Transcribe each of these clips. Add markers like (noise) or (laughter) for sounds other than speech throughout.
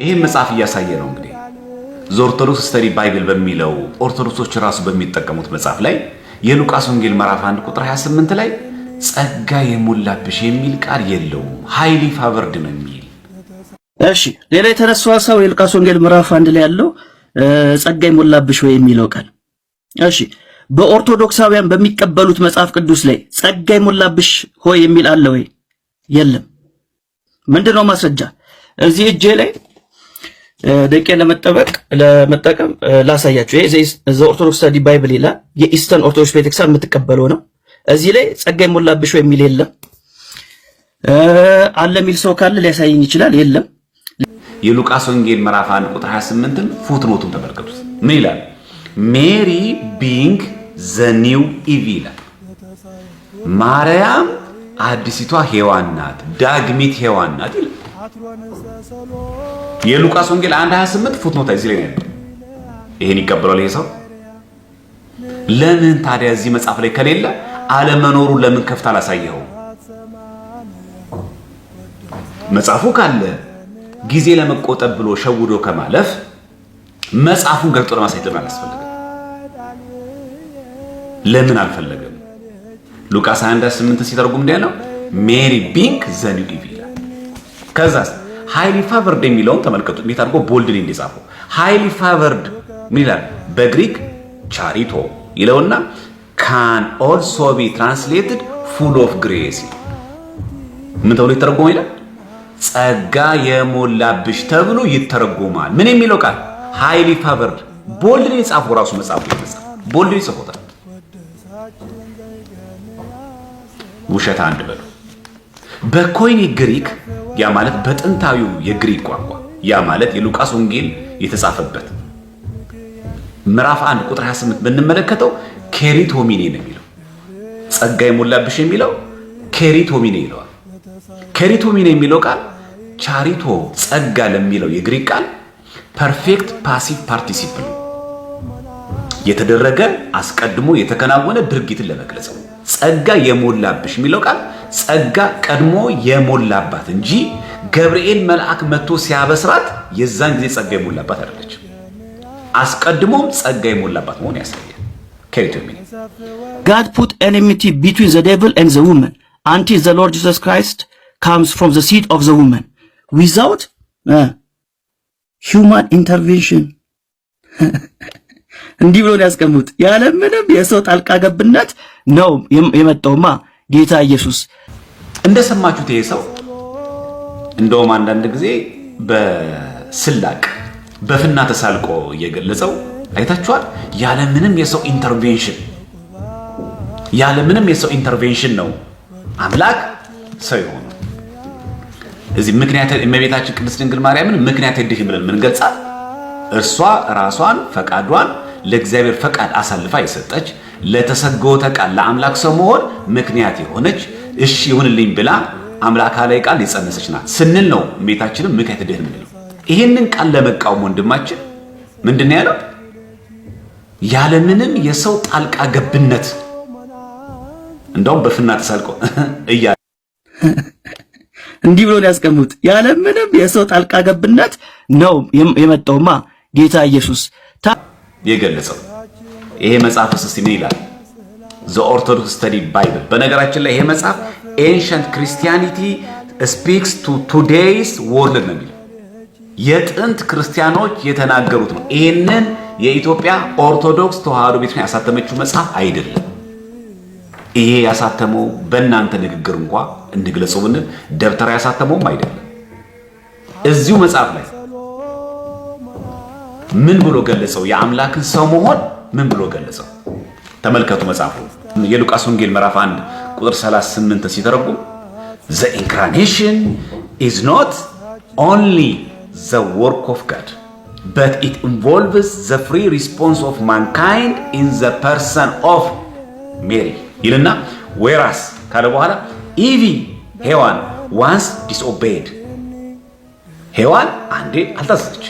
ይህን መጽሐፍ እያሳየ ነው። ዘኦርቶዶክስ ስተዲ ባይብል በሚለው ኦርቶዶክሶች ራሱ በሚጠቀሙት መጽሐፍ ላይ የሉቃስ ወንጌል ምዕራፍ 1 ቁጥር 28 ላይ ጸጋ የሞላብሽ የሚል ቃል የለውም። ሃይሊ ፋቨርድ ነው የሚል እሺ። ሌላ የተነሳው ሐሳብ የሉቃስ ወንጌል ምዕራፍ 1 ላይ ያለው ጸጋ የሞላብሽ ወይ የሚለው ቃል እሺ፣ በኦርቶዶክሳውያን በሚቀበሉት መጽሐፍ ቅዱስ ላይ ጸጋ የሞላብሽ ሆይ የሚል አለ ወይ? የለም። ምንድነው ማስረጃ? እዚህ እጄ ላይ ደቄ ለመጠበቅ ለመጠቀም ላሳያቸው ይሄ ኦርቶዶክስ ስታዲ ባይብል ይላል። የኢስተርን ኦርቶዶክስ ቤተክርስቲያን የምትቀበለው ነው። እዚህ ላይ ጸጋ የሞላብሽ የሚል የለም። አለ የሚል ሰው ካለ ሊያሳየኝ ይችላል። የለም። የሉቃስ ወንጌል ምዕራፍ 1 ቁጥር 28ን ፉትኖቱን ተመልከቱት። ምን ይላል? ሜሪ ቢንግ ዘኒው ኢቭ ይላል። ማርያም አዲሲቷ ሔዋን ናት፣ ዳግሚት ሔዋን ናት ይላል የሉቃስ ወንጌል 1:28 ፉትኖታ እዚህ ላይ ነው። ይሄን ይቀበላል ይሄ ሰው። ለምን ታዲያ እዚህ መጽሐፍ ላይ ከሌለ አለመኖሩ ለምን ከፍታ አላሳየኸው? መጽሐፉ ካለ ጊዜ ለመቆጠብ ብሎ ሸውዶ ከማለፍ መጽሐፉን ገልጦ ለማሳየት ለምን አላስፈለገም? ለምን አልፈለገም? ሉቃስ 1:28 ሲተርጉም እንዲህ ነው ሜሪ ቢንክ ዘ ኒው ከዛስ ሃይሊ ፋቨርድ የሚለውን ተመልከቱ። እንዴት አድርጎ ቦልድ ቦልድሊ እንደጻፈው ሃይሊ ፋቨርድ ምን ይላል? በግሪክ ቻሪቶ ይለውና ካን ኦልሶ ቢ ትራንስሌትድ ፉል ኦፍ ግሬስ ምን ተብሎ ይተረጎም ይላል? ጸጋ የሞላብሽ ተብሎ ይተረጎማል። ምን የሚለው ቃል ሃይሊ ፋቨርድ ቦልድ ቦልድሊ የጻፈው ራሱ መጽሐፍ ቦልድ ቦልድሊ ጽፎታል። ውሸት አንድ በሉ በኮይኒ ግሪክ ያ ማለት በጥንታዊው የግሪክ ቋንቋ ያ ማለት የሉቃስ ወንጌል የተጻፈበት ምዕራፍ 1 ቁጥር 28 ብንመለከተው ኬሪቶሚኔ ነው የሚለው። ጸጋ የሞላብሽ የሚለው ሆሚኔ ይለዋል። ሆሚኔ የሚለው ቃል ቻሪቶ ጸጋ ለሚለው የግሪክ ቃል ፐርፌክት ፓሲቭ ፓርቲሲፕል የተደረገ አስቀድሞ የተከናወነ ድርጊትን ለመግለጽ ጸጋ የሞላብሽ የሚለው ቃል ጸጋ ቀድሞ የሞላባት እንጂ ገብርኤል መልአክ መጥቶ ሲያበስራት የዛን ጊዜ ጸጋ የሞላባት አይደለች አስቀድሞም ጸጋ የሞላባት መሆን ያሳያል። ከኢትዮጵያ ጋድ ፑት ኤኒሚቲ ቢትዊን ዘ ዴቭል ኤንድ ዘ ውመን አንቲ ዘ ሎርድ ጂሰስ ክራይስት ካምስ ፍሮም ዘ ሲድ ኦፍ ዘ ውመን ዊዛውት ሂውማን ኢንተርቬንሽን እንዲህ ብሎ ያስቀምጥ ያለምንም የሰው ጣልቃ ገብነት ነው የመጣውማ ጌታ ኢየሱስ እንደሰማችሁት ይሄ ሰው እንደውም አንዳንድ ጊዜ በስላቅ በፍና ተሳልቆ እየገለጸው አይታችኋል። ያለምንም የሰው ኢንተርቬንሽን ያለምንም የሰው ኢንተርቬንሽን ነው አምላክ ሰው የሆነ እዚህ ምክንያት እመቤታችን ቅድስት ድንግል ማርያምን ምክንያት የድህ ብለን ምንገልጻል እርሷ ራሷን ፈቃዷን ለእግዚአብሔር ፈቃድ አሳልፋ የሰጠች ለተሰገወተ ቃል ለአምላክ ሰው መሆን ምክንያት የሆነች እሺ ይሁንልኝ ብላ አምላካ ላይ ቃል የጸነሰች ናት ስንል ነው እመቤታችንም ምክንያት ድህን ምንለው። ይህንን ቃል ለመቃወም ወንድማችን ምንድን ያለው ያለምንም የሰው ጣልቃ ገብነት እንደውም በፍና ተሳልቆ (laughs) እያ (laughs) እንዲህ ብሎ ሊያስቀምጥ ያለምንም የሰው ጣልቃ ገብነት ነው የመጣውማ ጌታ ኢየሱስ የገለጸው። ይሄ መጽሐፍ ውስጥ ምን ይላል? ዘ ኦርቶዶክስ ስተዲ ባይብል። በነገራችን ላይ ይሄ መጽሐፍ ኤንሸንት ክርስቲያኒቲ ስፒክስ ቱ ቱዴይስ ወርልድ ነው የሚለው የጥንት ክርስቲያኖች የተናገሩት ነው። ይህንን የኢትዮጵያ ኦርቶዶክስ ተዋህዶ ቤተክርስቲያን ያሳተመችው መጽሐፍ አይደለም። ይሄ ያሳተመው በእናንተ ንግግር እንኳ እንግለጸው ብንል ደብተራ ያሳተመውም አይደለም። እዚሁ መጽሐፍ ላይ ምን ብሎ ገለጸው? የአምላክን ሰው መሆን ምን ብሎ ገለጸው? ተመልከቱ መጽሐፉ የሉቃስ ወንጌል ምዕራፍ 1 ቁጥር 38 ሲተረጉም ዘ ኢንካርኔሽን ኢዝ ኖት ኦንሊ ዘ ወርክ ኦፍ ጋድ በት ኢት ኢንቮልቭስ ዘ ፍሪ ሪስፖንስ ኦፍ ማንካይንድ ኢን ዘ ፐርሰን ኦፍ ሜሪ ይልና ዌራስ ካለ በኋላ ኢቪ ሄዋን ዋንስ ዲስኦቤይድ ሄዋን አንዴ አልታዘዘች፣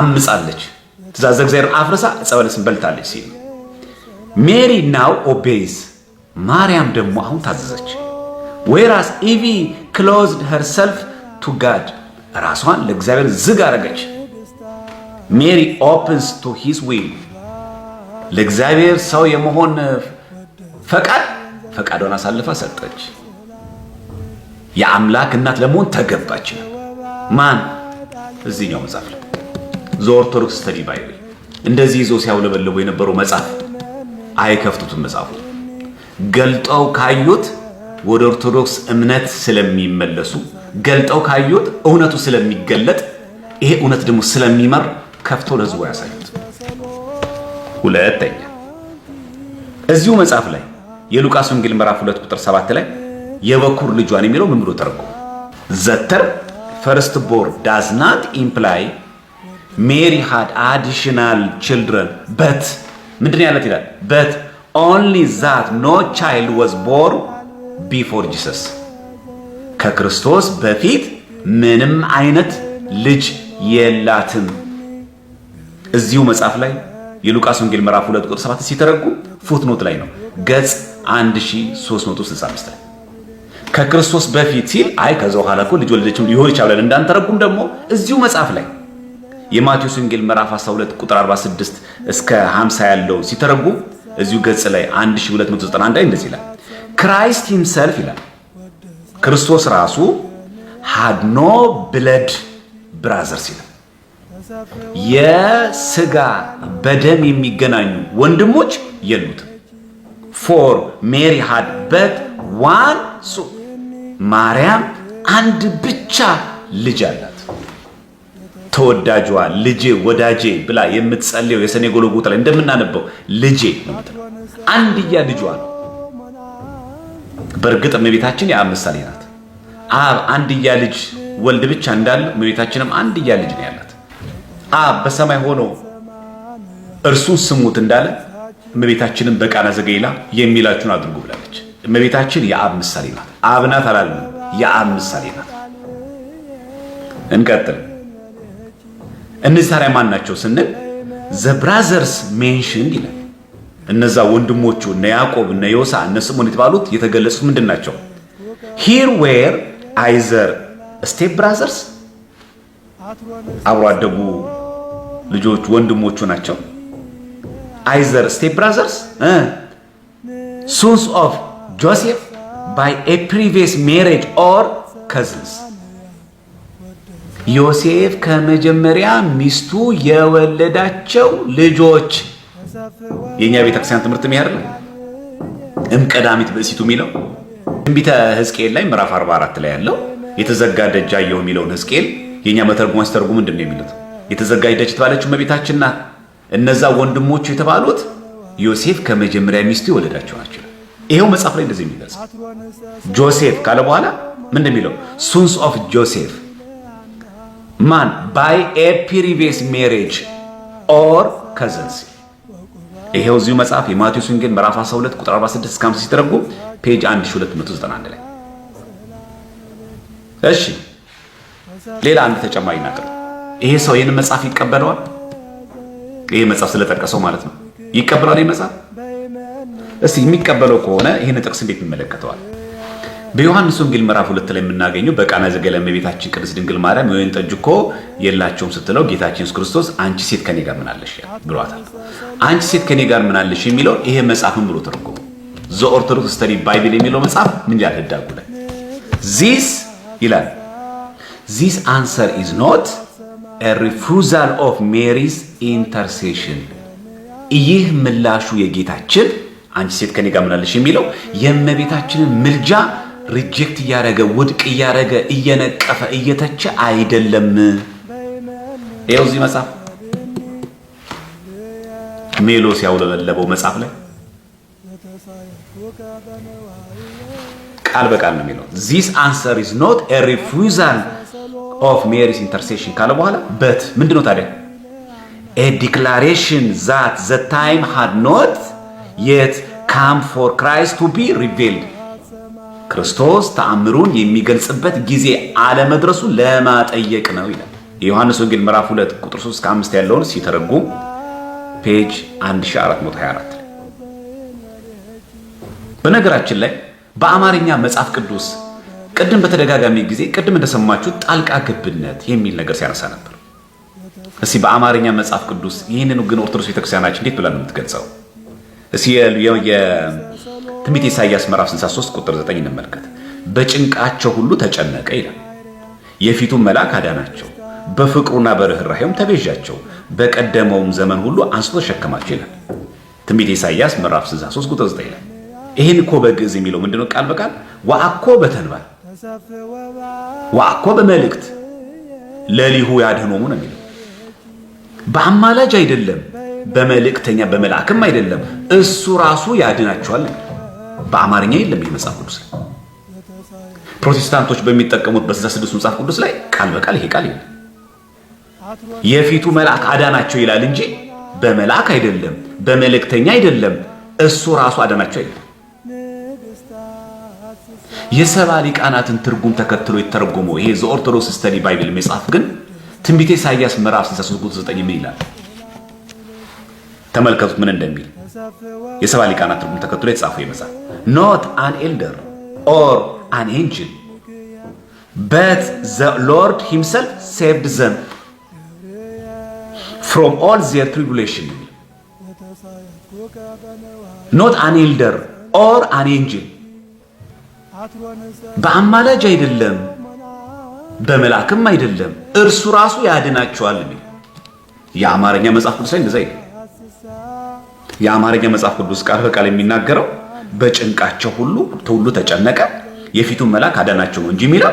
አምፃለች ትእዛዘ እግዚአብሔር አፍርሳ ዕፀ በለስን በልታለች ሲል ሜሪ ናው ኦቤይስ ማርያም ደግሞ አሁን ታዘዘች። ወይራስ ኢቪ ክሎዝድ ሄርሰልፍ ቱ ጋድ ራሷን ለእግዚአብሔር ዝግ አረገች። ሜሪ ኦፕንስ ቱ ሂስ ዊል ለእግዚአብሔር ሰው የመሆን ፈቃድ ፈቃዷን አሳልፋ ሰጠች። የአምላክ እናት ለመሆን ተገባች። ማን እዚህኛው መጽሐፍ ዘኦርቶዶክስ ኦርቶዶክስ ስተዲ ባይብል እንደዚህ ይዞ ሲያውለበለቡ የነበረው መጽሐፍ አይከፍቱትም። መጽሐፉ ገልጠው ካዩት ወደ ኦርቶዶክስ እምነት ስለሚመለሱ ገልጠው ካዩት እውነቱ ስለሚገለጥ ይሄ እውነት ደግሞ ስለሚመር ከፍቶ ለህዝቡ ያሳዩት። ሁለተኛ እዚሁ መጽሐፍ ላይ የሉቃስ ወንጌል ምዕራፍ 2 ቁጥር 7 ላይ የበኩር ልጇን የሚለው ምን ብሎ ተረጎመ? ዘተር ፈርስት ቦር ዳዝ ናት ኢምፕላይ ሜሪ ሃድ አዲሽናል ችልድረን በት ምንድን ያለት ይላል በት ኦንሊ ዛት ኖ ቻይልድ ወዝ ቦር ቢፎር ጂሰስ ከክርስቶስ በፊት ምንም አይነት ልጅ የላትም። እዚሁ መጽሐፍ ላይ የሉቃስ ወንጌል ምዕራፍ 2 ቁጥር 7 ሲተረጉም ፉትኖት ላይ ነው፣ ገጽ 1365 ላይ ከክርስቶስ በፊት ሲል አይ ከዛ በኋላ እኮ ልጅ ወለደችም ሊሆን ይቻላል እንዳንተረጉም ደግሞ እዚሁ መጽሐፍ ላይ የማቴዎስ ወንጌል ምዕራፍ 12 ቁጥር 46 እስከ 50 ያለው ሲተረጉም እዚሁ ገጽ ላይ 1291 ላይ እንደዚህ ይላል። ክራይስት ሂምሰልፍ ይላል ክርስቶስ ራሱ ሃድ ኖ ብለድ ብራዘርስ ይላል የስጋ በደም የሚገናኙ ወንድሞች የሉትም። ፎር ሜሪ ሃድ በት ዋን ሱ ማርያም አንድ ብቻ ልጅ አላት። ተወዳጇ ልጄ ወዳጄ ብላ የምትጸልየው የሰኔ ጎልጎታ ላይ እንደምናነበው ልጄ ነው። አንድያ ልጇ ነው። በእርግጥ እመቤታችን የአብ ምሳሌ ናት። አብ አንድያ ልጅ ወልድ ብቻ እንዳለ እመቤታችንም አንድያ ልጅ ነው ያላት። አብ በሰማይ ሆኖ እርሱን ስሙት እንዳለ እመቤታችንም በቃና ዘገሊላ የሚላችሁን አድርጉ ብላለች። እመቤታችን የአብ ምሳሌ ናት። አብ ናት አላልንም፣ የአብ ምሳሌ ናት። እንቀጥል። እነዚህ ታዲያ ማን ናቸው ስንል ዘ ብራዘርስ ሜንሽንድ ይላል። እነዛ ወንድሞቹ እነ ያዕቆብ እነ ዮሳ እነ ስምዖን የተባሉት የተገለጹት ምንድን ናቸው? ሂር ዌር አይዘር ስቴፕ ብራዘርስ አብሮ አደጉ ልጆች ወንድሞቹ ናቸው። አይዘር ስቴፕ ብራዘርስ ሶንስ ኦፍ ጆሴፍ ባይ ኤ ፕሪቪየስ ሜሬጅ ኦር ከዝንስ ዮሴፍ ከመጀመሪያ ሚስቱ የወለዳቸው ልጆች የእኛ ቤተክርስቲያን ትምህርት ሚሄር ነው። እምቀዳሚት ብእሲቱ የሚለው ትንቢተ ህዝቅኤል ላይ ምዕራፍ 44 ላይ ያለው የተዘጋ ደጅ አየሁ የሚለውን ህዝቅኤል የእኛ መተርጉማን ሲተርጉም ምንድን ነው የሚሉት? የተዘጋ ደጅ የተባለችው እመቤታችን ናት። እነዛ ወንድሞቹ የተባሉት ዮሴፍ ከመጀመሪያ ሚስቱ የወለዳቸው ናቸው። ይሄው መጽሐፍ ላይ እንደዚህ የሚገልጽ ጆሴፍ ካለ በኋላ ምንድን የሚለው ሱንስ ኦፍ ጆሴፍ ማን ባይ ኤ ፕሪቪየስ ሜሬጅ ኦር ከዘንስ። ይሄው እዚሁ መጽሐፍ የማቴዎስ ወንጌል ምዕራፍ 12 ቁጥር 46 እስከ 50 ሲተረጎም ፔጅ 1291 ላይ። እሺ ሌላ አንድ ተጨማሪ ናቅር። ይሄ ሰው ይህን መጽሐፍ ይቀበለዋል? ይሄ መጽሐፍ ስለጠቀሰው ማለት ነው። ይቀበለዋል ይህ መጽሐፍ? እስቲ የሚቀበለው ከሆነ ይህን ጥቅስ እንዴት ይመለከተዋል? በዮሐንስ ወንጌል ምዕራፍ ሁለት ላይ የምናገኘው በቃና ዘገለም የቤታችን ቅድስት ድንግል ማርያም የወይን ጠጅ እኮ የላቸውም ስትለው ጌታችን ኢየሱስ ክርስቶስ አንቺ ሴት ከኔ ጋር ምናለሽ ብሏታል። አንቺ ሴት ከኔ ጋር ምናለሽ የሚለው ይሄ መጽሐፍም ብሎ ተረጎሙ። ዘ ኦርቶዶክስ ስተዲ ባይብል የሚለው መጽሐፍ ምን ይላል? ህዳጉ ላይ ዚስ ይላል ዚስ አንሰር ኢዝ ኖት ሪፉዛል ኦፍ ሜሪስ ኢንተርሴሽን። ይህ ምላሹ የጌታችን አንቺ ሴት ከኔ ጋር ምናለሽ የሚለው የእመቤታችንን ምልጃ ሪጀክት እያደረገ ውድቅ እያደረገ እየነቀፈ እየተቸ አይደለም። ይኸው እዚህ መጽሐፍ ሜሎ ሲያውለበለበው መጽሐፍ ላይ ቃል በቃል ነው የሚለው ዚስ አንሰር ኢዝ ኖት ሪፉዛል ኦፍ ሜሪስ ኢንተርሴሽን ካለ በኋላ በት ምንድን ነው ታዲያ ዲክላሬሽን ዛት ዘ ታይም ሃድ ኖት የት ካም ፎር ክራይስት ቱ ቢ ሪቬልድ ክርስቶስ ተአምሩን የሚገልጽበት ጊዜ አለመድረሱ ለማጠየቅ ነው ይላል። የዮሐንስ ወንጌል ምዕራፍ 2 ቁጥር 3 እስከ 5 ያለውን ሲተረጉም ፔጅ 1424 ላይ። በነገራችን ላይ በአማርኛ መጽሐፍ ቅዱስ ቅድም በተደጋጋሚ ጊዜ ቅድም እንደሰማችሁ ጣልቃ ገብነት የሚል ነገር ሲያነሳ ነበር። እስቲ በአማርኛ መጽሐፍ ቅዱስ ይህንን ግን ኦርቶዶክስ ቤተክርስቲያናችን እንዴት ብላን ነው የምትገልጸው? ትንቢት ኢሳይያስ ምዕራፍ 63 ቁጥር 9 እንመልከት። በጭንቃቸው ሁሉ ተጨነቀ ይላል። የፊቱ መልአክ አዳናቸው፣ በፍቅሩና በርኅራኄውም ተቤዣቸው፣ በቀደመውም ዘመን ሁሉ አንስቶ ተሸከማቸው ይላል። ትንቢት ኢሳይያስ ምዕራፍ 63 ቁጥር 9 ይላል። ይህን እኮ በግዕዝ የሚለው ምንድነው? ቃል በቃል ዋአኮ በተንባል ዋአኮ በመልእክት ለሊሁ ያድኅኖሙ ነው የሚለው። በአማላጅ አይደለም፣ በመልእክተኛ በመልአክም አይደለም፣ እሱ ራሱ ያድናቸዋል ነው በአማርኛ የለም። ይህ መጽሐፍ ቅዱስ ላይ ፕሮቴስታንቶች በሚጠቀሙት በስድስቱ መጽሐፍ ቅዱስ ላይ ቃል በቃል ይሄ ቃል የለም። የፊቱ መልአክ አዳናቸው ይላል እንጂ በመልአክ አይደለም፣ በመልእክተኛ አይደለም። እሱ ራሱ አዳናቸው ይላል። የሰባ ሊቃናትን ትርጉም ተከትሎ የተረጎመው ይሄ ዘኦርቶዶክስ ስተዲ ባይብል መጽሐፍ ግን ትንቢተ ኢሳያስ ምዕራፍ 63 ምን ይላል? ተመልከቱት ምን እንደሚል የሰባ ሊቃናት ትርጉም ተከትሎ የተጻፈው የመጽሐፍ ኖት አን ኤልደር ኦር አን ኤንጅል በት ዘ ሎርድ ሂምሰልፍ ሴቭድ ዘም ፍሮም ኦል ዜር ትሪቡሌሽን ኖት አን ኤልደር ኦር አን ኤንጅል በአማላጅ አይደለም በመላክም አይደለም እርሱ ራሱ ያድናቸዋል የአማርኛ መጽሐፍ ቅዱስ ላይ እንደዛ የአማርኛ መጽሐፍ ቅዱስ ቃል በቃል የሚናገረው በጭንቃቸው ሁሉ ሁሉ ተጨነቀ፣ የፊቱን መልአክ አዳናቸው እንጂ የሚለው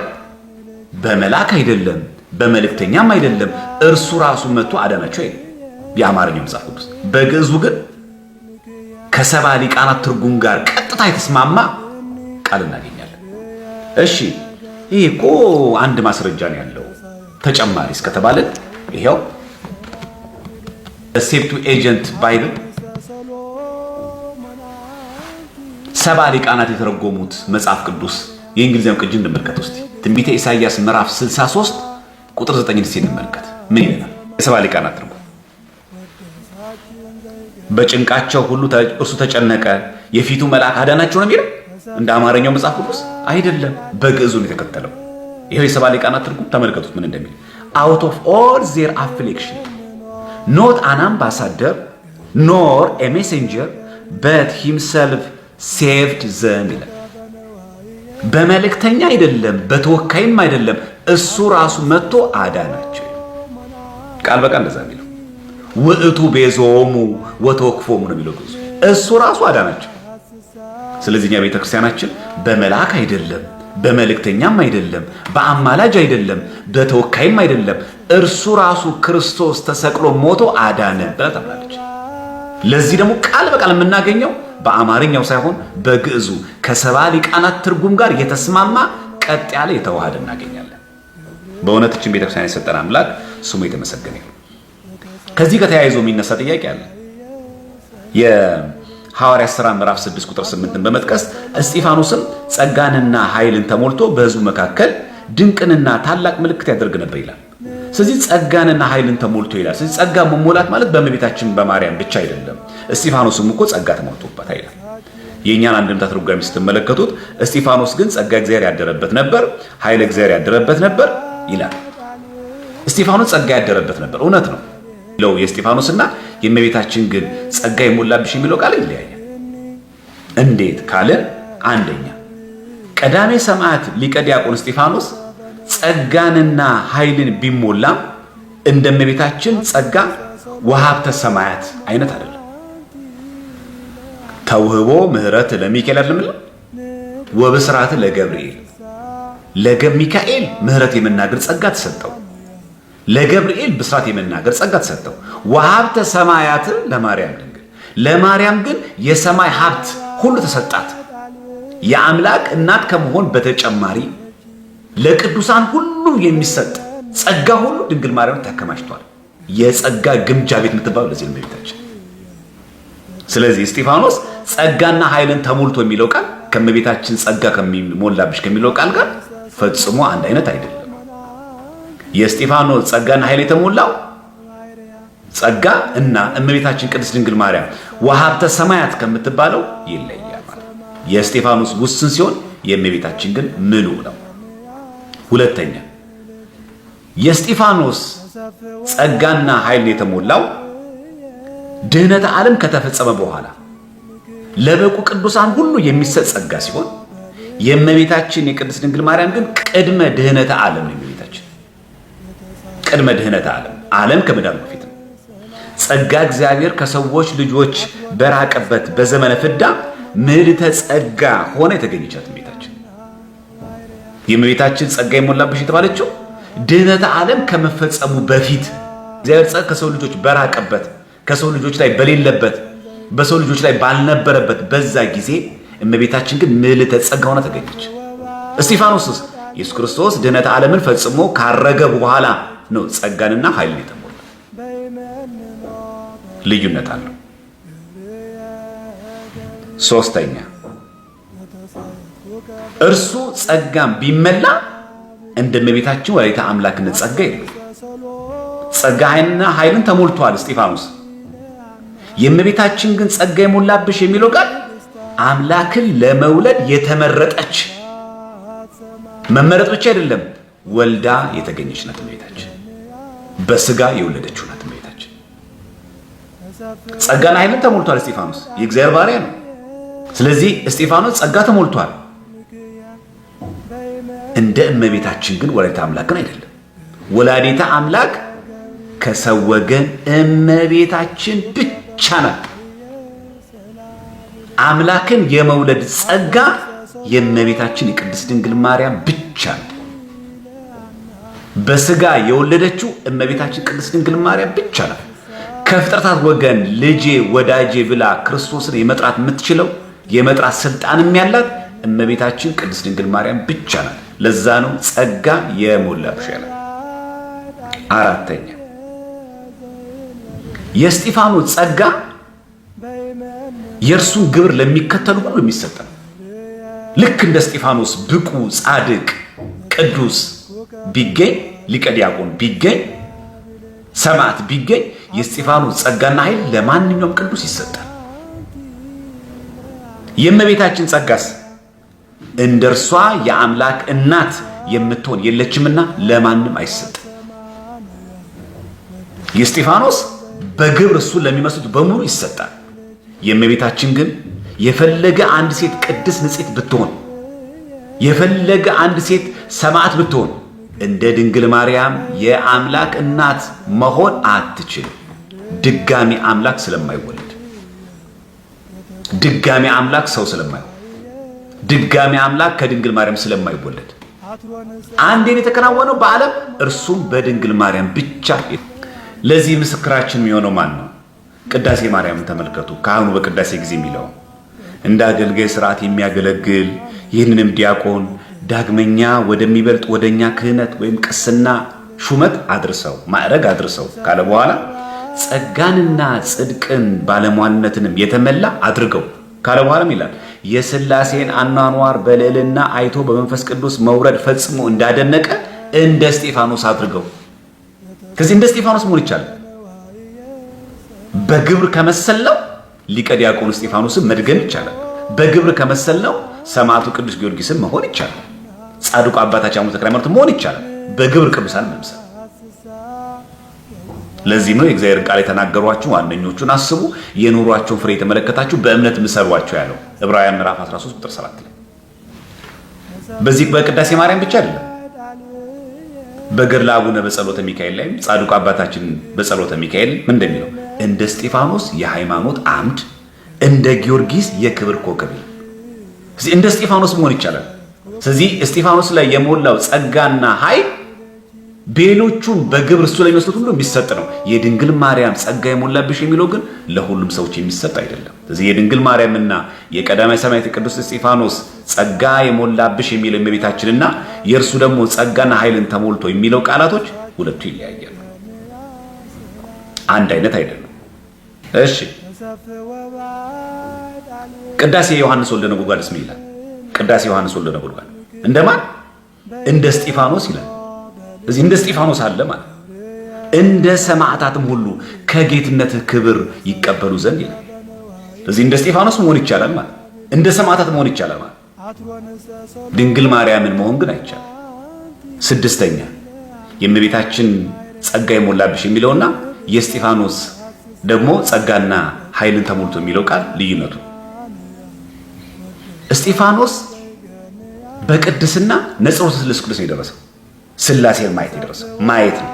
በመልአክ አይደለም፣ በመልእክተኛም አይደለም። እርሱ ራሱ መጥቶ አዳናቸው ይል የአማርኛው መጽሐፍ ቅዱስ። በግዕዙ ግን ከሰባ ሊቃናት ትርጉም ጋር ቀጥታ የተስማማ ቃል እናገኛለን። እሺ ይህ እኮ አንድ ማስረጃ ነው ያለው ተጨማሪ እስከተባለ ይኸው ሴፕቱ ኤጀንት ባይብል ሰባ ሊቃናት የተረጎሙት መጽሐፍ ቅዱስ የእንግሊዝኛው ቅጅ እንመልከት። ውስጥ ትንቢተ ኢሳይያስ ምዕራፍ 63 ቁጥር 9 ስ እንመልከት። ምን ይለናል? የሰባ ሊቃናት ትርጉ በጭንቃቸው ሁሉ እርሱ ተጨነቀ፣ የፊቱ መልአክ አዳናቸው ነው የሚለው። እንደ አማርኛው መጽሐፍ ቅዱስ አይደለም፣ በግዕዙ ነው የተከተለው። ይሄው የሰባ ሊቃናት ትርጉም ተመልከቱት ምን እንደሚል አውት ኦፍ ኦል ዜር አፍሌክሽን ኖት አን አምባሳደር ኖር ኤ ሜሴንጀር በት ሂምሰልፍ ሴቭድ ዘም ይላል። በመልእክተኛ አይደለም በተወካይም አይደለም፣ እሱ ራሱ መጥቶ አዳናቸው። ቃል በቃል እንደዛ የሚለው ውእቱ ቤዞሙ ወተወክፎሙ ነው የሚለው ብዙ እሱ ራሱ አዳናቸው። ስለዚህ እኛ ቤተክርስቲያናችን በመልአክ አይደለም በመልእክተኛም አይደለም በአማላጅ አይደለም በተወካይም አይደለም፣ እርሱ ራሱ ክርስቶስ ተሰቅሎ ሞቶ አዳነ ብላ ታምናለች። ለዚህ ደግሞ ቃል በቃል የምናገኘው በአማርኛው ሳይሆን በግዕዙ ከሰባ ሊቃናት ትርጉም ጋር የተስማማ ቀጥ ያለ የተዋሃደ እናገኛለን። በእውነት እችን ቤተክርስቲያን የሰጠን አምላክ ስሙ የተመሰገነ ይሁን። ከዚህ ከተያይዞ የሚነሳ ጥያቄ አለ። የሐዋርያት ሥራ ምዕራፍ 6 ቁጥር 8ን በመጥቀስ እስጢፋኖስም ጸጋንና ኃይልን ተሞልቶ በሕዝቡ መካከል ድንቅንና ታላቅ ምልክት ያደርግ ነበር ይላል። ስለዚህ ጸጋንና ኃይልን ተሞልቶ ይላል። ስለዚህ ጸጋ መሞላት ማለት በእመቤታችን በማርያም ብቻ አይደለም። እስጢፋኖስም እኮ ጸጋ ተሞልቶበታል ይላል። የእኛን አንድምታ ትርጓሜ ስትመለከቱት እስጢፋኖስ ግን ጸጋ እግዚአብሔር ያደረበት ነበር፣ ኃይለ እግዚአብሔር ያደረበት ነበር ይላል። እስጢፋኖስ ጸጋ ያደረበት ነበር፣ እውነት ነው ለው የእስጢፋኖስና የእመቤታችን ግን ጸጋ የሞላብሽ የሚለው ቃል ይለያያል። እንዴት ካለን አንደኛ ቀዳሜ ሰማዕት ሊቀ ዲያቆን እስጢፋኖስ ጸጋንና ኃይልን ቢሞላም እመቤታችን ጸጋ ወሀብተ ሰማያት አይነት አይደለም። ተውህቦ ምህረት ለሚካኤል አይደለም ወብስራት ለገብርኤል ሚካኤል ምህረት የመናገር ጸጋ ተሰጠው፣ ለገብርኤል ብስራት የመናገር ጸጋ ተሰጠው። ወሀብተ ሰማያት ለማርያም ድንግል ለማርያም ግን የሰማይ ሀብት ሁሉ ተሰጣት። የአምላክ እናት ከመሆን በተጨማሪ ለቅዱሳን ሁሉ የሚሰጥ ጸጋ ሁሉ ድንግል ማርያም ተከማችቷል። የጸጋ ግምጃ ቤት የምትባለው ለዚህ ነው እመቤታችን ስለዚህ እስጢፋኖስ ጸጋና ኃይልን ተሞልቶ የሚለው ቃል ከእመቤታችን ጸጋ ከሚሞላብሽ ከሚለው ቃል ጋር ፈጽሞ አንድ አይነት አይደለም። የእስጢፋኖስ ጸጋና ኃይል የተሞላው ጸጋ እና እመቤታችን ቅድስት ድንግል ማርያም ወሀብተ ሰማያት ከምትባለው ይለያል ማለት ነው። የእስጢፋኖስ ውስን ሲሆን የእመቤታችን ግን ምሉ ነው። ሁለተኛ የእስጢፋኖስ ጸጋና ኃይልን የተሞላው ድህነተ ዓለም ከተፈጸመ በኋላ ለበቁ ቅዱሳን ሁሉ የሚሰጥ ጸጋ ሲሆን የእመቤታችን የቅድስት ድንግል ማርያም ግን ቅድመ ድህነተ ዓለም ነው። የእመቤታችን ቅድመ ድህነተ ዓለም ዓለም ከመዳኑ በፊት ነው። ጸጋ እግዚአብሔር ከሰዎች ልጆች በራቀበት በዘመነ ፍዳ ምልዕተ ጸጋ ሆነ የተገኘቻት እመቤታችን የእመቤታችን ጸጋ የሞላብሽ የተባለችው ድህነተ ዓለም ከመፈጸሙ በፊት እግዚአብሔር ጸጋ ከሰው ልጆች በራቀበት ከሰው ልጆች ላይ በሌለበት በሰው ልጆች ላይ ባልነበረበት በዛ ጊዜ እመቤታችን ግን ምልዕተ ጸጋ ሆና ተገኘች። እስጢፋኖስስ ኢየሱስ ክርስቶስ ድኅነተ ዓለምን ፈጽሞ ካረገ በኋላ ነው ጸጋንና ኃይልን የተሞላ። ልዩነት አለው። ሶስተኛ እርሱ ጸጋን ቢመላ እንደ እመቤታችን ወላዲተ አምላክነት ጸጋ የለም። ጸጋና ኃይልን ተሞልቷል እስጢፋኖስ የእመቤታችን ግን ጸጋ የሞላብሽ የሚለው ቃል አምላክን ለመውለድ የተመረጠች መመረጥ ብቻ አይደለም፣ ወልዳ የተገኘች ናት። እመቤታችን በስጋ የወለደችው ናት። እመቤታችን ጸጋና ኃይልን ተሞልቷል። እስጢፋኖስ የእግዚአብሔር ባሪያ ነው። ስለዚህ እስጢፋኖስ ጸጋ ተሞልቷል። እንደ እመቤታችን ግን ወላዲተ አምላክ አይደለም። ወላዲተ አምላክ ከሰው ወገን እመቤታችን ብቻ ይቻላል። አምላክን የመውለድ ጸጋ የእመቤታችን የቅድስት ድንግል ማርያም ብቻ ነው። በስጋ የወለደችው እመቤታችን ቅድስት ድንግል ማርያም ብቻ ነው። ከፍጥረታት ወገን ልጄ ወዳጄ ብላ ክርስቶስን የመጥራት የምትችለው የመጥራት ስልጣንም ያላት እመቤታችን ቅድስት ድንግል ማርያም ብቻ ናት። ለዛ ነው ጸጋ የሞላብሽ ያላት። አራተኛ የእስጢፋኖስ ጸጋ የእርሱን ግብር ለሚከተሉ ሁሉ የሚሰጥ ነው። ልክ እንደ እስጢፋኖስ ብቁ ጻድቅ ቅዱስ ቢገኝ፣ ሊቀ ዲያቆን ቢገኝ፣ ሰማዕት ቢገኝ የእስጢፋኖስ ጸጋና ኃይል ለማንኛውም ቅዱስ ይሰጣል። የእመቤታችን ጸጋስ እንደ እርሷ የአምላክ እናት የምትሆን የለችምና ለማንም አይሰጥም። የእስጢፋኖስ በግብር እሱን ለሚመስሉት በሙሉ ይሰጣል። የእመቤታችን ግን የፈለገ አንድ ሴት ቅድስት ንጽሕት ብትሆን የፈለገ አንድ ሴት ሰማዕት ብትሆን እንደ ድንግል ማርያም የአምላክ እናት መሆን አትችልም። ድጋሚ አምላክ ስለማይወለድ፣ ድጋሚ አምላክ ሰው ስለማይሆን፣ ድጋሚ አምላክ ከድንግል ማርያም ስለማይወለድ አንዴን የተከናወነው በዓለም እርሱም በድንግል ማርያም ብቻ ለዚህ ምስክራችን የሚሆነው ማን ነው? ቅዳሴ ማርያምን ተመልከቱ። ካህኑ በቅዳሴ ጊዜ የሚለው እንደ አገልጋይ ስርዓት የሚያገለግል ይህንንም ዲያቆን ዳግመኛ ወደሚበልጥ ወደኛ ክህነት ወይም ቅስና ሹመት አድርሰው ማዕረግ አድርሰው ካለ በኋላ ጸጋንና ጽድቅን ባለሟልነትንም የተመላ አድርገው ካለ በኋላም ይላል የስላሴን አኗኗር በልዕልና አይቶ በመንፈስ ቅዱስ መውረድ ፈጽሞ እንዳደነቀ እንደ እስጢፋኖስ አድርገው ከዚህ እንደ እስጢፋኖስ መሆን ይቻላል። በግብር ከመሰለው ሊቀ ዲያቆኑ እስጢፋኖስን መድገም ይቻላል። በግብር ከመሰለው ሰማዕቱ ቅዱስ ጊዮርጊስን መሆን ይቻላል። ጻድቁ አባታችን አቡነ ተክለ ሃይማኖት መሆን ይቻላል። በግብር ቅዱሳን መምሰል። ለዚህም ነው የእግዚአብሔር ቃል የተናገሯችሁ ዋነኞቹን አስቡ፣ የኑሯቸውን ፍሬ የተመለከታችሁ በእምነት ምሰሏቸው ያለው ዕብራውያን ምዕራፍ 13 ቁጥር 7 ላይ። በዚህ በቅዳሴ ማርያም ብቻ አይደለም በገድለ አቡነ በጸሎተ ሚካኤል ላይ ጻድቁ አባታችን በጸሎተ ሚካኤል ምን እንደሚለው እንደ እስጢፋኖስ የሃይማኖት አምድ እንደ ጊዮርጊስ የክብር ኮከብ ስለዚህ እንደ እስጢፋኖስ መሆን ይቻላል። ስለዚህ እስጢፋኖስ ላይ የሞላው ጸጋና ኃይል ቤሎቹን በግብር እሱ ላይ የሚወስዱት ሁሉ የሚሰጥ ነው። የድንግል ማርያም ጸጋ የሞላብሽ የሚለው ግን ለሁሉም ሰዎች የሚሰጥ አይደለም። ስለዚህ የድንግል ማርያምና የቀዳማዊ ሰማዕት ቅዱስ እስጢፋኖስ ጸጋ የሞላብሽ የሚል እመቤታችንና የእርሱ ደግሞ ጸጋና ኃይልን ተሞልቶ የሚለው ቃላቶች ሁለቱ ይለያያሉ። አንድ አይነት አይደለም። እሺ ቅዳሴ ዮሐንስ ወልደ ነጎድጓድስ ምን ይላል? ቅዳሴ ዮሐንስ ወልደ ነጎድጓድ እንደማን? እንደ እስጢፋኖስ ይላል። እዚህ እንደ እስጢፋኖስ አለ ማለት እንደ ሰማዕታትም ሁሉ ከጌትነትህ ክብር ይቀበሉ ዘንድ ይላል። ስለዚህ እንደ እስጢፋኖስ መሆን ይቻላል ማለት እንደ ሰማዕታት መሆን ይቻላል ማለት ድንግል ማርያምን መሆን ግን አይቻልም። ስድስተኛ የእመቤታችን ጸጋ የሞላብሽ የሚለውና የእስጢፋኖስ ደግሞ ጸጋና ኃይልን ተሞልቶ የሚለው ቃል ልዩነቱ እስጢፋኖስ በቅድስና ነጽሮተ ስሉስ ቅዱስ ነው የደረሰው። ስላሴን ማየት የደረሰው ማየት ነው።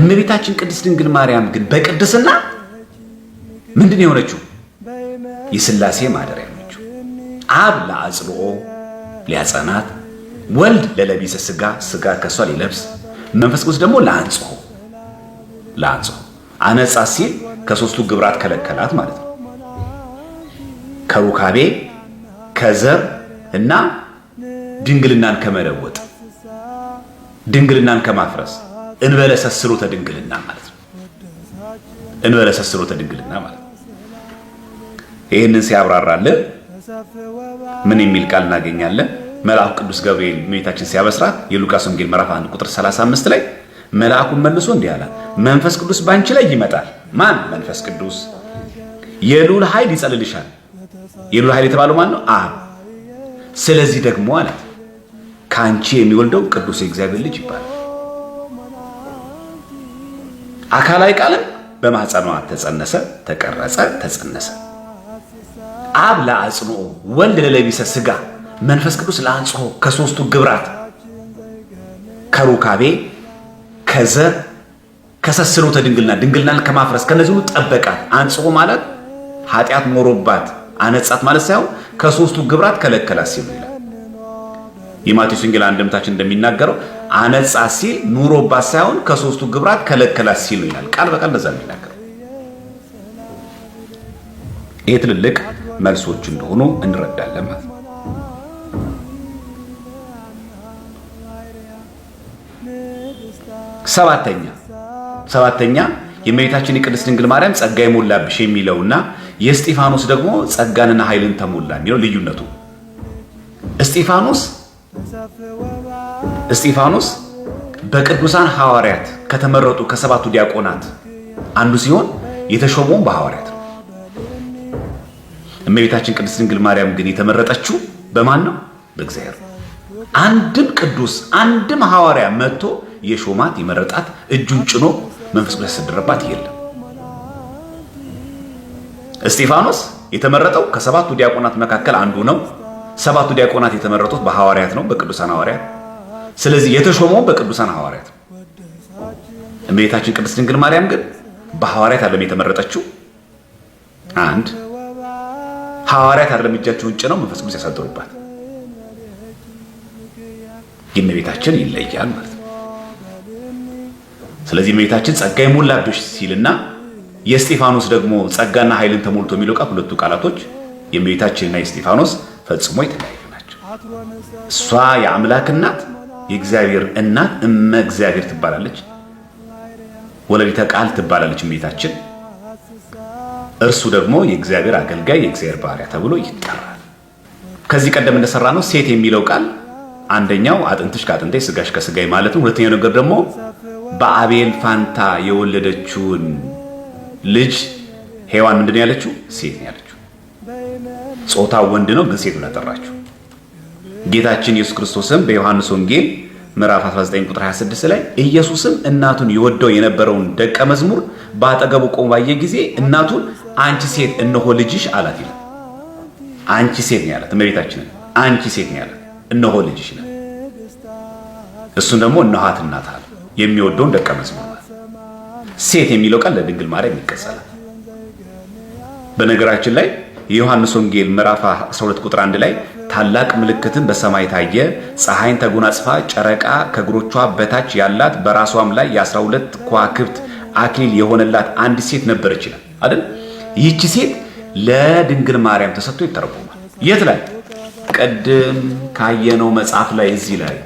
እመቤታችን ቅድስት ድንግል ማርያም ግን በቅድስና ምንድን የሆነችው? የሥላሴ ማደሪያ ነችው። አብ ለአጽልኦ ሊያጸናት፣ ወልድ ለለቢሰ ሥጋ ሥጋ ከሷ ሊለብስ፣ መንፈስ ቅዱስ ደግሞ ለአንጽሖ ለአንጽሖ አነጻ ሲል ከሦስቱ ግብራት ከለከላት ማለት ነው። ከሩካቤ ከዘር እና ድንግልናን ከመለወጥ ድንግልናን ከማፍረስ እንበለሰስሮተ ድንግልና ማለት ነው። እንበለሰስሮተ ድንግልና ማለት ነው። ይህንን ሲያብራራልን ምን የሚል ቃል እናገኛለን? መልአኩ ቅዱስ ገብርኤል እመቤታችን ሲያበስራት የሉቃስ ወንጌል ምዕራፍ 1 ቁጥር 35 ላይ መልአኩን መልሶ እንዲህ አላት፣ መንፈስ ቅዱስ ባንቺ ላይ ይመጣል። ማን? መንፈስ ቅዱስ የልዑል ኃይል ይጸልልሻል። የልዑል ኃይል የተባለው ማን ነው? አብ። ስለዚህ ደግሞ አላት ከአንቺ የሚወልደው ቅዱስ የእግዚአብሔር ልጅ ይባላል። አካላዊ ቃልም በማኅፀኗ ተጸነሰ፣ ተቀረጸ፣ ተጸነሰ። አብ ለአጽንኦ ወልድ ለለቢሰ ስጋ መንፈስ ቅዱስ ለአንጽሖ ከሶስቱ ግብራት ከሩካቤ ከዘር ከሰስሎተ ድንግልና ድንግልናን ከማፍረስ ከነዚህ ሁሉ ጠበቃት። አንጽሖ ማለት ኃጢአት ኖሮባት አነጻት ማለት ሳይሆን ከሦስቱ ግብራት ከለከላት ሲሉ ይላል። የማቴዎስ ወንጌል አንድምታችን እንደሚናገረው አነጻት ሲል ኑሮባት ሳይሆን ከሦስቱ ግብራት ከለከላት ሲሉ ይላል። ቃል በቃል በዛ የሚናገረው ይህ ትልልቅ መልሶች እንደሆኑ እንረዳለን ማለት ነው። ሰባተኛ ሰባተኛ የእመቤታችን የቅድስት ድንግል ማርያም ጸጋ የሞላብሽ የሚለውና የእስጢፋኖስ ደግሞ ጸጋንና ኃይልን ተሞላ የሚለው ልዩነቱ እስጢፋኖስ እስጢፋኖስ በቅዱሳን ሐዋርያት ከተመረጡ ከሰባቱ ዲያቆናት አንዱ ሲሆን የተሾመውም በሐዋርያት እመቤታችን ቅድስት ድንግል ማርያም ግን የተመረጠችው በማን ነው? በእግዚአብሔር። አንድም ቅዱስ አንድም ሐዋርያ መጥቶ የሾማት የመረጣት እጁን ጭኖ መንፈስ ቅዱስ ያሳደረባት የለም። እስጢፋኖስ የተመረጠው ከሰባቱ ዲያቆናት መካከል አንዱ ነው። ሰባቱ ዲያቆናት የተመረጡት በሐዋርያት ነው፣ በቅዱሳን ሐዋርያት። ስለዚህ የተሾመው በቅዱሳን ሐዋርያት ነው። እመቤታችን ቅድስት ድንግል ማርያም ግን በሐዋርያት ዓለም የተመረጠችው አንድ ሐዋርያት አይደለም እጃቸውን ጭነው መንፈስ ቅዱስ ያሳድሩባት። የእመቤታችን ይለያል ማለት ነው። ስለዚህ እመቤታችን ጸጋ የሞላብሽ ሲልና የእስጢፋኖስ ደግሞ ጸጋና ኃይልን ተሞልቶ የሚለው ቃል ሁለቱ ቃላቶች የእመቤታችንና የእስጢፋኖስ ፈጽሞ የተለያዩ ናቸው። እሷ የአምላክ እናት የእግዚአብሔር እናት እመ እግዚአብሔር ትባላለች። ወለሊተ ቃል ትባላለች እመቤታችን እርሱ ደግሞ የእግዚአብሔር አገልጋይ የእግዚአብሔር ባሪያ ተብሎ ይጠራል። ከዚህ ቀደም እንደሰራ ነው ሴት የሚለው ቃል አንደኛው አጥንትሽ ከአጥንቴ ስጋሽ ከስጋይ ማለት ነው። ሁለተኛው ነገር ደግሞ በአቤል ፋንታ የወለደችውን ልጅ ሔዋን ምንድን ነው ያለችው? ሴት ነው ያለችው። ጾታው ወንድ ነው ግን ሴት ብላ ጌታችን ኢየሱስ ክርስቶስም በዮሐንስ ወንጌል ምዕራፍ 19 ቁጥር 26 ላይ ኢየሱስም እናቱን የወደው የነበረውን ደቀ መዝሙር በአጠገቡ ቆሞ ባየ ጊዜ እናቱን አንቺ ሴት እነሆ ልጅሽ አላት ይላል። አንቺ ሴት ነው ያላት እመቤታችንን። አንቺ ሴት ነው ያላት እነሆ ልጅሽ ነው። እሱን ደግሞ እነኋት እናት አለ የሚወደውን ደቀ መዝሙር ሴት የሚለው ቃል ለድንግል ማርያም ይቀጸላል። በነገራችን ላይ የዮሐንስ ወንጌል ምዕራፍ 12 ቁጥር 1 ላይ ታላቅ ምልክትን በሰማይ ታየ፣ ፀሐይን ተጎናጽፋ ጨረቃ ከእግሮቿ በታች ያላት በራሷም ላይ የ12 ከዋክብት አክሊል የሆነላት አንድ ሴት ነበረች ይላል አይደል? ይቺ ሴት ለድንግል ማርያም ተሰጥቶ ይተረጎማል። የት ላይ ቅድም ካየነው መጽሐፍ ላይ እዚህ ላይ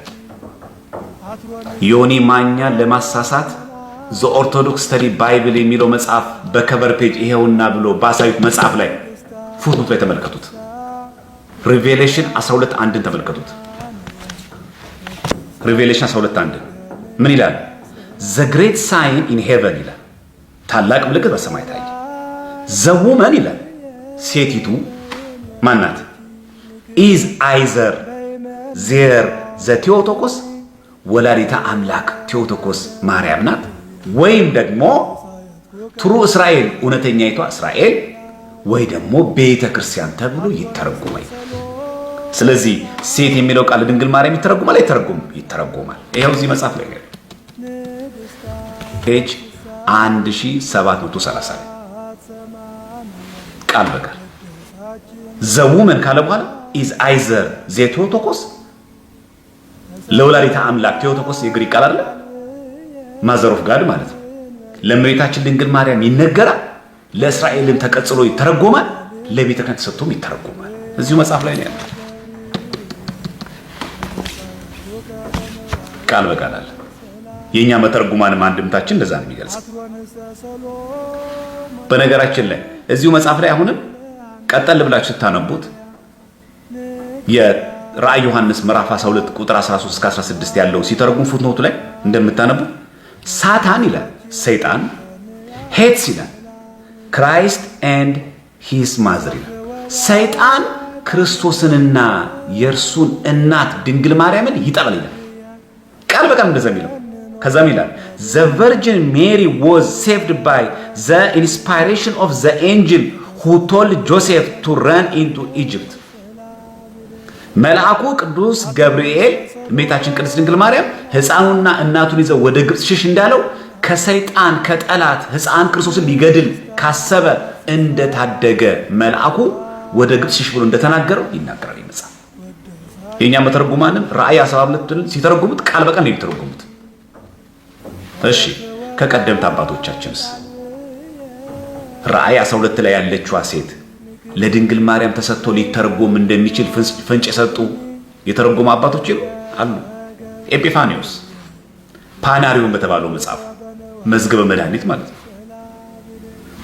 ዮኒ ማኛ ለማሳሳት ኦርቶዶክስ ስተዲ ባይብል የሚለው መጽሐፍ በከቨር ፔጅ ይሄውና ብሎ ባሳዩት መጽሐፍ ላይ ፉትኖት ላይ ተመልከቱት። ሪቬሌሽን 12 አንድን ተመልከቱት። ሪቬሌሽን 12 አንድን ምን ይላል? ዘግሬት ሳይን ኢን ሄቨን ይላል። ታላቅ ምልክት በሰማይ ታየ። ዘውመን ይላል ሴቲቱ ማናት? ኢዝ አይዘር ዜር ዘቴዎቶኮስ ወላዲታ አምላክ ቴዎቶኮስ ማርያም ናት፣ ወይም ደግሞ ትሩ እስራኤል እውነተኛይቷ እስራኤል ወይ ደግሞ ቤተ ክርስቲያን ተብሎ ይተረጉማል። ስለዚህ ሴት የሚለው ቃል ድንግል ማርያም ይተረጉማል አይተረጉም? ይተረጉማል። ይኸው እዚህ መጽሐፍ ላይ ፔጅ 1730 ላይ ቃል በቃል ዘ ውመን ካለ በኋላ ኢዝ አይዘር ዜቴዎቶኮስ ለወላዲተ አምላክ ቴዎቶኮስ የግሪክ ቃል አለ ማዘሮፍ ጋድ ማለት ነው። ለእመቤታችን ድንግል ማርያም ይነገራል። ለእስራኤልም ተቀጽሎ ይተረጎማል። ለቤተ ክህነት ተሰጥቶም ይተረጎማል። እዚሁ መጽሐፍ ላይ ነው ያለው። ቃል በቃል አለ። የእኛ መተርጉማንም አንድምታችን እንደዛ ነው የሚገልጽ በነገራችን ላይ እዚሁ መጽሐፍ ላይ አሁንም ቀጠል ብላችሁ ስታነቡት የራእይ ዮሐንስ ምዕራፍ 12 ቁጥር 13 እስከ 16 ያለው ሲተረጉም ፉትኖቱ ላይ እንደምታነቡ ሳታን ይላል ሰይጣን፣ ሄትስ ይላል ክራይስት ኤንድ ሂስ ማዘር ይላል ሰይጣን ክርስቶስንና የእርሱን እናት ድንግል ማርያምን ይጠላል ይላል። ቃል በቃል እንደዛ የሚለው ከዛም ይላል ዘ ቨርጅን ሜሪ ዋዝ ሴቭድ ባይ ዘ ኢንስፓይሬሽን ኦፍ ዘ ኤንጅል ሁ ቶልድ ጆሴፍ ቱ ረን ኢንቱ ኢጅፕት። መልአኩ ቅዱስ ገብርኤል እመቤታችን ቅድስት ድንግል ማርያም ሕፃኑና እናቱን ይዘው ወደ ግብፅ ሽሽ እንዳለው ከሰይጣን ከጠላት ሕፃን ክርስቶስን ሊገድል ካሰበ እንደታደገ መልአኩ ወደ ግብፅ ሽሽ ብሎ እንደተናገረው ይናገራል ይመጻል የእኛ መተርጉማንም ራእይ 12 ሲተረጉሙት ቃል በቃል ነው የሚተረጉሙት። እሺ ከቀደምት አባቶቻችንስ ራእይ 12 ላይ ያለችዋ ሴት ለድንግል ማርያም ተሰጥቶ ሊተረጎም እንደሚችል ፍንጭ የሰጡ የተረጎሙ አባቶች አሉ። ኤጲፋኒዎስ ፓናሪዮን በተባለው መጽሐፉ መዝገበ መድኃኒት ማለት ነው።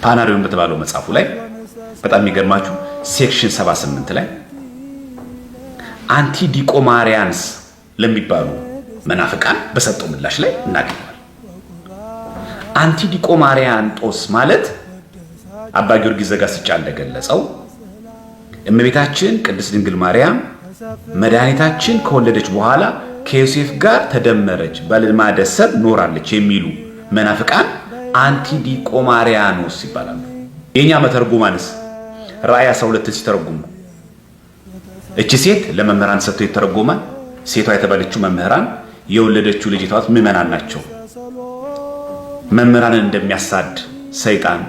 ፓናሪዮን በተባለው መጽሐፉ ላይ በጣም የሚገርማችሁ ሴክሽን 78 ላይ አንቲዲቆማሪያንስ ለሚባሉ መናፍቃን በሰጠው ምላሽ ላይ እናገኝ አንቲዲቆ ማርያንጦስ ማለት አባ ጊዮርጊስ ዘጋስጫ እንደገለጸው እመቤታችን ቅድስት ድንግል ማርያም መድኃኒታችን ከወለደች በኋላ ከዮሴፍ ጋር ተደመረች፣ በልማደ ሰብ ኖራለች የሚሉ መናፍቃን አንቲዲቆ ማርያኖስ ይባላሉ። የእኛ መተርጉማንስ ራእይ 12 ሲተረጉሙ እቺ ሴት ለመምህራን ሰጥቶ የተረጎመ ሴቷ የተባለችው መምህራን የወለደችው ልጅ ተዋት ምዕመናን ናቸው። መምህራንን እንደሚያሳድ ሰይጣን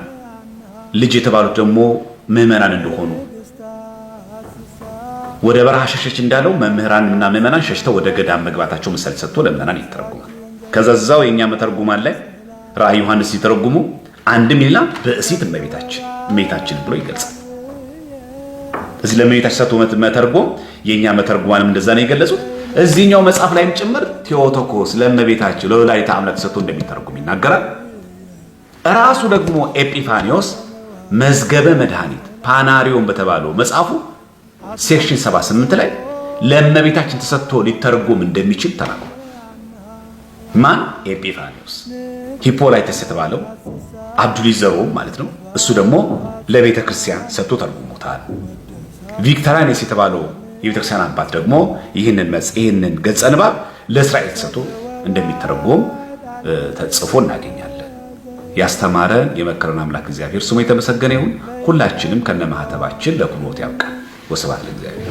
ልጅ የተባሉት ደግሞ ምዕመናን እንደሆኑ ወደ በረሃ ሸሸች እንዳለው መምህራንና ምዕመናን ሸሽተው ወደ ገዳም መግባታቸው ምሳሌ ሰጥቶ ለምዕመናን ይተረጉማል። ከዛዛው የእኛ መተርጉማን ላይ ራእይ ዮሐንስ ሲተረጉሙ አንድም ሌላ በእሴት እመቤታችን እመቤታችን ብሎ ይገልጻል። እዚህ ለእመቤታችን ሰጥቶ መተርጎም የእኛ መተርጉማንም እንደዛ ነው የገለጹት። እዚህኛው መጽሐፍ ላይም ጭምር ቴዎቶኮስ ለእመቤታችን ለወላዲተ አምላክ ሰጥቶ እንደሚተረጉም ይናገራል። ራሱ ደግሞ ኤጲፋኒዎስ መዝገበ መድኃኒት ፓናሪዮን በተባለው መጽሐፉ ሴክሽን 78 ላይ ለእመቤታችን ተሰጥቶ ሊተረጉም እንደሚችል ተናግሯል። ማን? ኤጲፋኒዎስ። ሂፖላይተስ የተባለው አብዱሊዘሮም ማለት ነው። እሱ ደግሞ ለቤተ ክርስቲያን ሰጥቶ ተርጉሞታል። ቪክተራኔስ የተባለው የቤተክርስቲያን አባት ደግሞ ይህንን ይህንን ገጸ ንባብ ለእስራኤል ተሰጥቶ እንደሚተረጎም ተጽፎ እናገኛለን። ያስተማረን የመከረን አምላክ እግዚአብሔር ስሙ የተመሰገነ ይሁን። ሁላችንም ከነማህተባችን ለኩኖት ያብቃል። ወስብሐት ለእግዚአብሔር።